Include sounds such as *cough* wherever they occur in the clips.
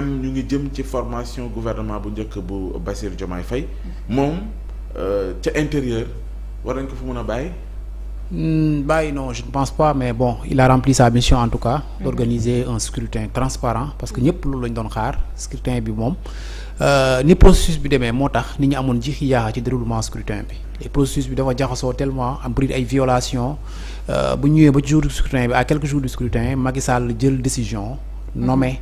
même ñu ngi jëm ci formation gouvernement bu njëkk bu Bassirou Diomaye Faye moom euh, ca intérieur war a ko fa mën a bàyyi hmm, bàyyi non je ne pense pas mais bon il a rempli sa mission en tout cas d'organiser un scrutin transparent parce que ñëpp loolu lañ doon xaar scrutin bi moom euh, ni processus bi demee moo tax nit ñu amoon jixi yaaxa ci déroulement scrutin bi les processus bi dafa jaxasoo tellement am bëri ay violations euh, bu ñëwee ba ci jour du scrutin bi à quelques jours du scrutin Macky Sall jël décision mm-hmm. nommé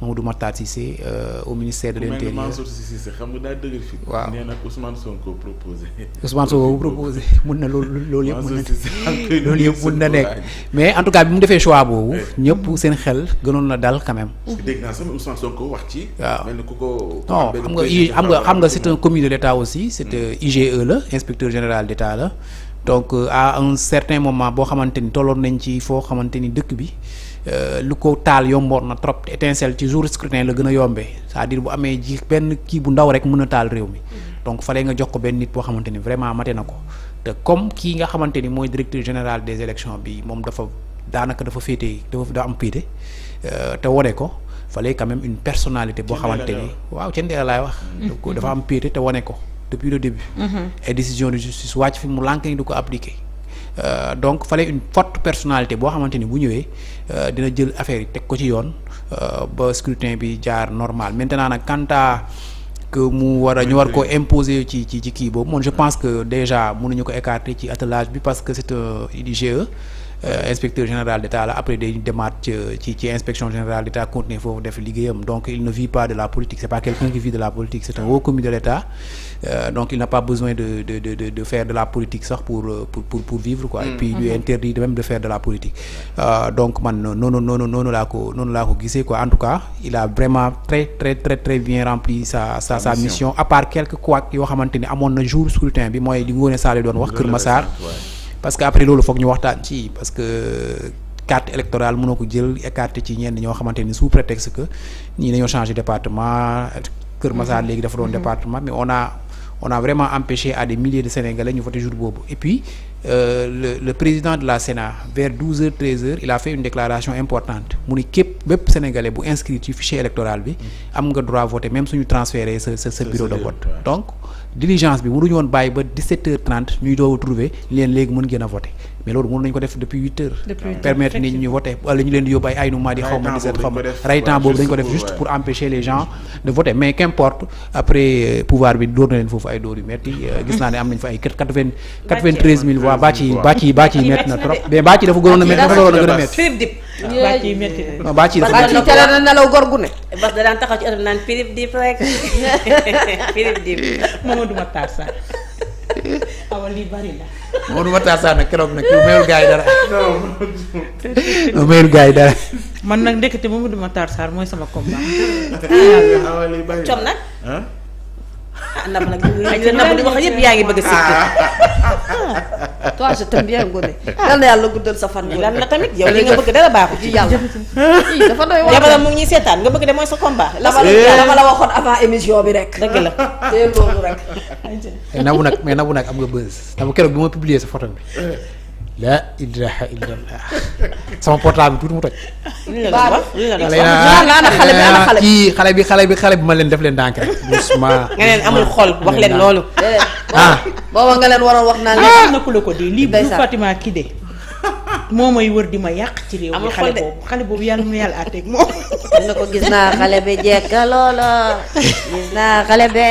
Mamadou Matar Cissé euh, au ministère de l'intérieur Mansour Cissé xam nga daa dëgër fi waaw nee na Ousmane Sonko proposé Ousmane Sonko proposé *laughs* mun na loolu loolu mun na *laughs* loolu yëpp mun na nekk mais en tout cas bi mu defee choix boobu eh. ñëpp seen xel gënoon na dal quand même dégg naa sama Ousmane Sonko wax ci waaw xam nga i xam nga xam nga un commis de l'État aussi c'est hmm. euh, IGE la inspecteur général d'État la donc euh, à un certain moment boo xamante ni tolloon nañ ci foo xamante ni dëkk bi Euh, lu ko taal yomboon na trop étincelle ci jour scrutin la gën a yombee c'est-à-dire bu amee ji benn kii bu ndaw rek mën a taal réew mi donc fallait nga jox ko benn nit boo xamante ni vraiment mate na ko te comme kii nga xamante ni mooy directeur général des élections bi moom dafa daanaka dafa féetee dafa daa am piite euh, te wone ko fallait quand même une personnalité boo xamante ni waaw ca ndeela laay wax mm-hmm. dafa am piite te wone ko depuis le début ay mm-hmm. décision de justice wàcc fi mu lànk ni du ko appliquer Euh, donc fallait une forte personnalité boo xamante ni bu ñëwee euh, dina jël affaire yi teg ko ci yoon euh, ba scrutin bi jaar normal maintenant nag quant mu war a ñu war ko imposer ci ci ci kii boobu moom je pense que déjà mënuñu ko écarter ci attelage bi parce que c'est un IGE Euh, inspecteur général d'État la après day demaat ci ci inspection générale d'État continuer foofu def liggéeyam donc il ne vit pas de la politique c'est pas quelqu'un qui vit de la politique c'est un haut commis de l'État euh, donc il n'a pas besoin de de de de la politique sax euh, pour pour vivre quoi. et mm. puis lui mm-hmm. interdit même de faire de la politique. donc man noonu laa ko noonu laa ko gisee quoi en tout cas il a vraiment très très très bien rempli sa sa mission à part quelques couacs yoo xamante ni amoon na jour scrutin bi mooy li parce que après loolu foog ñu waxtaan ci parce que carte électorale mënoo ko jël écarté ci ñenn ñoo xamante ni sous prétexte que ñii nañoo changé département Kër Massar léegi dafa doon mhm. département mais on a on a vraiment empêché à des milliers de Sénégalais ñu voté jour boobu et puis Euh, le président de la Sénat vers il a fait une déclaration importante mu ni képp bépp sénégalais bu inscrit ci fichier électoral bi mm-hmm. am nga droit voter même suñu transféré sa sa sa bureau de vote donc diligence bi mënuñu woon bàyyi ba dix-sept heures ñuy doow a trouver leen léegi mën ngeen a mais loolu mënu nañu ko def depuis huit heures permettre nit ñu voter wala ñu leen di yóbbu ay ay nu maa di xaw ma dix xaw ma ray boobu dañ ko def juste pour empêcher les waaw bàcc yi bàcc yi bàcc yi métti na trop mais bàcc yi dafa gënoon a métti dafa waroon a gën a métti bàcc yi métti na bàcc yi dafa métti tele na nelaw gor da daan taxaw ci oto naan pirip dip yi dara *laughs* *laughs* mayul gars yi dara man nag ndekete Mamadou Matar mooy sama combat com nag ah Nabou nag li Nabou li wax yëpp yaa ngi bëgg a sikki. Ah. *laughs* toi je t'aime bien Ngoné. yal na yàlla guddal sa fan. lan la tamit yow li nga bëgg dara baaxu ci yàlla. *laughs* dafa doy waar jabaram mu ñuy seetaan nga bëgg de mooy sa combat. Eh. dama la waxoon avant émission bi rek. dëgg la teel *laughs* loolu rek. Nabou nag mais Nabou nag am nga buzz. Nabou keroog bi ma publier sa photo bi. Eh. la ilaha illallah sama portable tuuti mu toj. xale bi xale bi xale bi xale bi ma leen def leen dànk rek. doucement nga leen amul xol wax leen loolu. ah booba nga leen waroon wax naan leen. Ah. na ku la ko di lii bu Fatima Kide. moo may wër di ma yàq ci réew mi xale boobu xale boobu yàlla na yàlla àtteeg moom. dina *laughs* ko gis naa xale bi jekk loola gis naa xale be.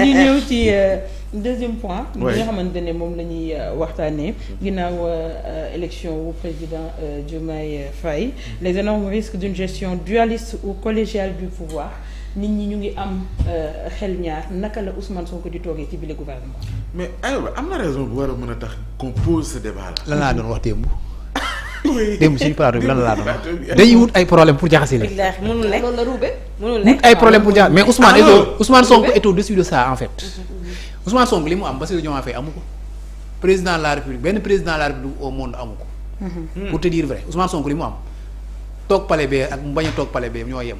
ñu ñëw ci. Euh, deuxième point. bi nga xamante ne moom la ñuy euh, waxtaanee. ginnaaw euh, élection wu président euh, Diomaye Faye mm. les énormes risques d'une gestion dualiste ou collégiale du pouvoir nit ñi ñu ngi am xel ñaar naka la Ousmane Sonko di toogee ci bile gouvernement. mais aywa am na raison bu war a mën a tax qu'on pose ce débat là. lan laa doon wax démb. démb suñu plateau bi lan laa doon dañuy wut ay problème pour jaxase leen. mënul nekk loolu la ruube. mënul nekk wut ay problème pour jaxase mais Ousmane. Ah est Ousmane Sonko est au-dessus de ça en fait. Mhm, mhm, mhm. Ousmane Sonko li mu am Bassirou Diomaye Faye amu ko président de la République benn président de la République au monde amu ko. pour te dire vrai Ousmane Sonko li mu am. toog pale bee ak mu bañ a toog pale bee ñoo yem.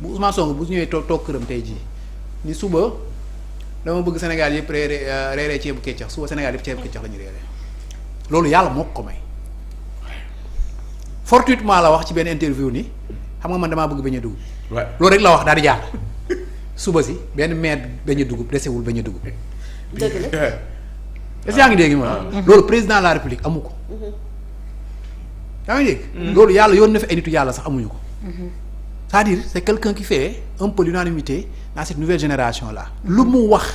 bu Ousmane Sonko bu ñëwee toog toog këram tey jii ni suba dama bëgg Sénégal yëpp reere euh, reeree ceebu keccax suba Sénégal yëpp ceebu keccax la ñu reeree loolu yàlla moo ko may. fortuitement la wax ci benn interview ni xam nga man damaa bëgg bañ a dugub. loolu rek la wax daal di jàll suba si benn maire bañ dugub desewul bañ dugub. dëgg la. est ma mm-hmm. loolu président de la république amu ko. Mm-hmm. Mm-hmm. loolu yàlla yoon na fi ay nitu yàlla sax amuñu ko. c'est-à-dire c'est quelqu'un qui fait un peu l'unanimité dans nouvelle génération là. lu mu wax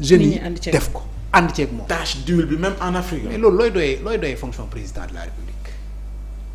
jeunes yi def ko and ceeg moom. tâche d'huile bi même en Afrique. mais loolu looy doyee looy doyee fonction président de la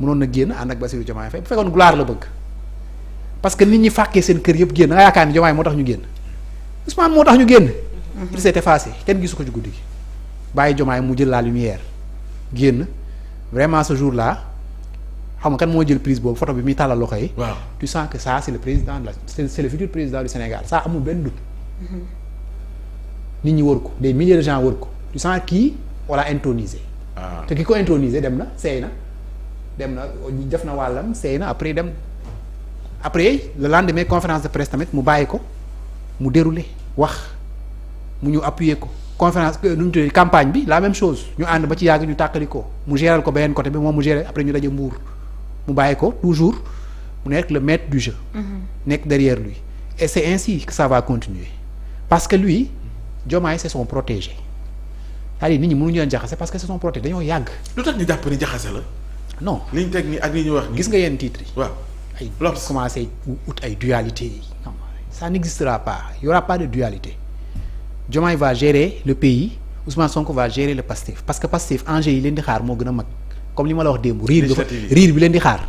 mënoon na génn ànd ak Bassirou Diomaye Faye bu fekkoon gloire la bëgg parce que nit ñi fàkkee seen kër yëpp génn da nga yaakaar ni Diomaye moo tax ñu génn Ousmane moo tax ñu génn. Mhm. il s'est effacé kenn gisu ko ci guddi gi bàyyi Diomaye mu jël la lumière génn vraiment ce jour là xam nga kan moo jël prise boobu foto bi muy tàllal loxo yi. waaw tu sens c'est le président la c'est, c'est le futur président du Sénégal ça amul benn doute. Mhm. nit ñi wër ko des milliers de gens wër ko tu sens kii wala intronisé. Ah. te ko intronisé dem na seey na. dem na ñu def na wàllam seey na après dem après le lendemain conférence de presse tamit mu bàyyi ko mu dérouler wax mu ñu appuyer ko conférence euh, nu ñu tuddee campagne bi la même chose ñu ànd ba ci yàgg ñu tàqali ko mu géral ko beneen côté bi moom mu gérer après ñu daje mbuur mu bàyyi ko toujours mu nekk le maître du jeu. Mhm. nekk derrière lui et c'est ainsi que ça va continuer parce que lui Diomaye c'est son protégé c'est-à-dire nit ñi mënuñu leen jaxase dañoo yàgg. lu tax la. non li teg nii ak li ñu wax. gis nga yenn titres yi. waaw ay commencé ut ay dualité yi. non ça n'existera pas il y aura pas de dualité. Diomaye va gérer le pays Ousmane Sonko va gérer le Pastef parce que Pastef enjeu yi leen di xaar moo gën a mag li ma la wax démb. bi leen di xaar.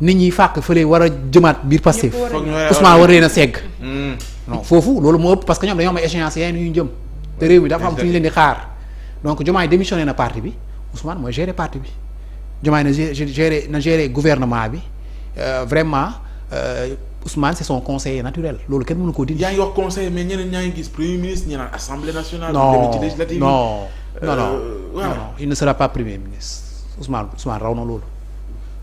nit ñi fàq fële war a jëmaat biir Pastef. Ousmane war leen a segg. Hmm. foofu loolu moo ëpp parce que ñoom dañoo am ay échéances yeneen yu ñu jëm. te réew mi dafa am fu ñu leen di xaar donc Diomaye démissionné na parti bi Ousmane mooy gérer parti bi. Diomaye na géré na géré gouvernement bi euh, vraiment euh, Ousmane c'est son conseiller naturel loolu kenn mënu koo dindi. yaa ngi wax conseil mais ñeneen ñaa ngi gis premier ministre ñu naan assemblée nationale. non non non euh, non il ne sera pas premier ministre Ousmane raw na loolu.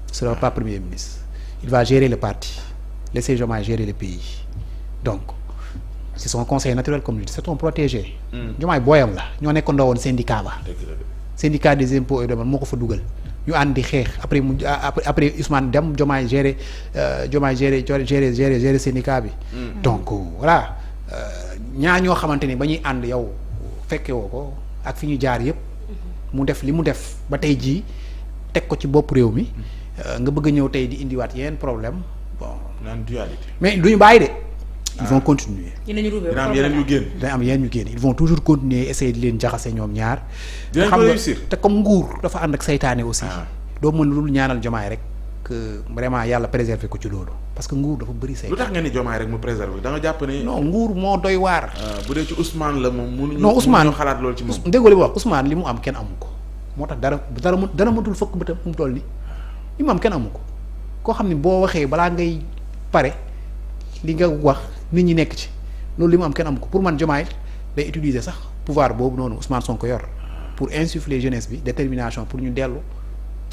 il ne sera pas premier ministre. il va gérer le parti laisser Diomaye gérer le pays donc c'est son conseil naturel comme je dis c'est ton protégé. Hmm. Diomaye booyam la ñoo nekkoon ndawoon syndicat syndicat des impôts et moo ko fa dugal ñu ànd di xeex après mu après Ousmane dem Diomaye géré euh, Diomaye géré géré géré géré syndicat bi. Mm-hmm. donc euh, voilà euh, ñaa ñoo xamante ni ba ñuy ànd yow fekke ko ak fi ñu jaar yëpp. Mm-hmm. mu def li mu def ba tey jii teg ko ci bopp réew mi mm-hmm. nga bëgg ñëw tey di indiwaat yeneen problème bon. naan dualité bàyyi de. ils vont continuer. dina am yeneen yu génn. dina am yeneen yu génn ils vont toujours continuer essayer di leen jaxase ñoom ñaar. dinañ ko réussir te comme nguur dafa ànd ak saytaane aussi. Ah. doo mën lu ñaanal jomaay rek. que yàlla préserver ko ci loolu. parce que nguur dafa bëri saytaane. lu tax nga ni jomaay rek mu préserver da nga nguur moo doy waar. Ah, bu dee ci Ousmane la moom. mënuñu non Ousmane xalaat loolu ci moom. déggoo li mu wax Ousmane li mu am kenn amu ko. moo tax dara dara mu dara mëntul fëkk bëtam mu toll ni li mu am kenn ko koo xam ne boo waxee balaa ngay pare li nga wax nit ñi nekk ci loolu li mu am kenn am ko pour man Diomaye day utiliser sax pouvoir boobu noonu Ousmane Sonko yor pour insuffler jeunesse bi détermination pour ñu dellu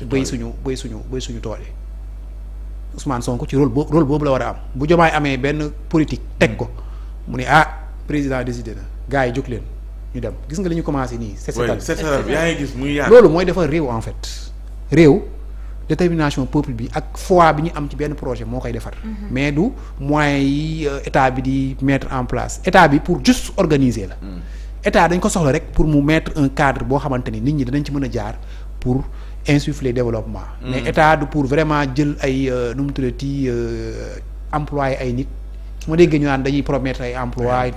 béy suñu béy suñu béy suñu tool yi Ousmane Sonko ci rôle boobu boobu la war a am bu jomaay amee benn politique teg ko mu ne ah président décidé na gars yi jóg leen ñu dem gis nga li ñu commencé nii. c'est ça yaa ngi gis muy yaatu. loolu mooy defar réew en fait réew. détermination peuple bi ak foi bi ñu am ci benn projet moo koy defar. Mhm. mais du moyens yi euh, état bi di mettre en place état bi pour juste organiser la. Mm. état dañ ko soxla rek pour mu mettre un cadre boo xamante ni nit ñi danañ ci mën a jaar pour insuffler développement. Mm. mais état du pour vraiment jël ay euh, nu mu tuddati euh, employé ay nit. su ma déggee ñu naan dañuy promettre ay emploi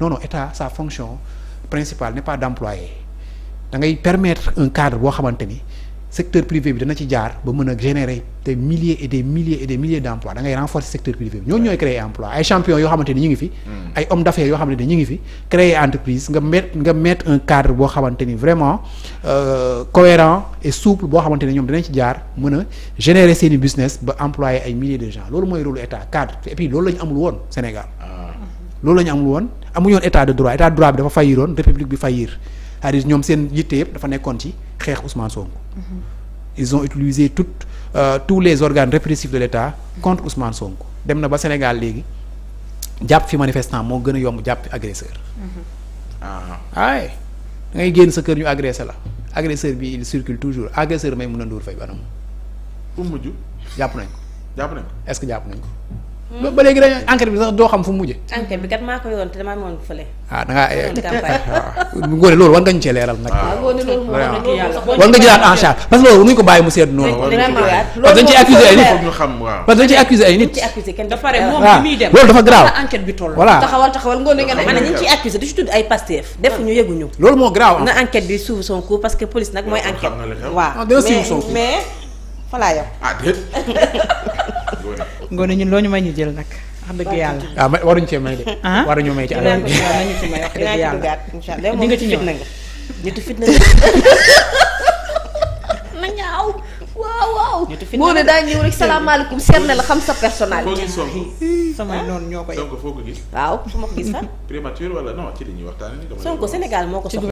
non non état sa fonction principale n'est pas d'employer da ngay permettre un cadre boo xamante ni. secteur privé bi dana ci jaar ba mën a générer des milliers et des milliers et des milliers d' emplois da ngay renforcer secteur privé bi ñooñu ñooy créer emploi ay champions yoo xamante ni ñu ngi fi. Hmm. ay hommes d' yoo xamante ni ñu ngi fi créer entreprise nga mettre nga mettre un cadre boo xamante ni vraiment euh, cohérent et souple boo xamante ni ñoom danañ ci jaar mën a générer seen i business ba employer ay milliers de gens loolu mooy rôle état cadre et puis loolu la woon Sénégal. Ah. loolu la ñu amul woon cest à ñoom seen yitte yëpp dafa nekkoon ci xeex Ousmane Sonko. Mhm. ils ont utilisé tout euh, tous les organes répressifs de l'État contre Ousmane Sonko dem na ba Sénégal léegi jàpp fi manifestant moo gën a yomb jàpp agresseur. Mhm. ah ay da ngay génn sa kër ñu agressé la agresseur bi il circule toujours agresseur may mën a nduur fay banam. pour mujj. jàpp nañ ko. jàpp nañ ko est jàpp nañ ko. ba léegi dañoo enquête bi sax doo xam fu mu mujjee. enquête bi kat maa ko yoroon te damaa moon fële. ah da ngaa eh, *laughs* waaw Ngoné loolu war nga ah. waaw war ah. taxawal taxawal Ngoné nga ne. maanaam ñu ngi ciy accuser di tudd ay Pastef def ñu yëguñu. loolu moo grave na enquête bi suivre son cours parce que police nag mooy enquête waaw ah, mais mais voilà yow *laughs* ngoone ñun loo ñu may ñu jël nag. wax dëgg yàlla waaw may waruñu cee may de. Ah? waruñu may ci alal bi nañu ci may wax dëgg yàlla nga ci ñëw ñetti fitna nga. *laughs* na ñaaw waaw waaw. ñetti fitna ñëw rek salaamaaleykum seet na la xam sa personnalité. *laughs* sama noonu ñoo koy. foo ko gis. waaw fu ma ko gis sax. primature wala non ci li ñuy waxtaanee. Sonko Sénégal moo ko soxla.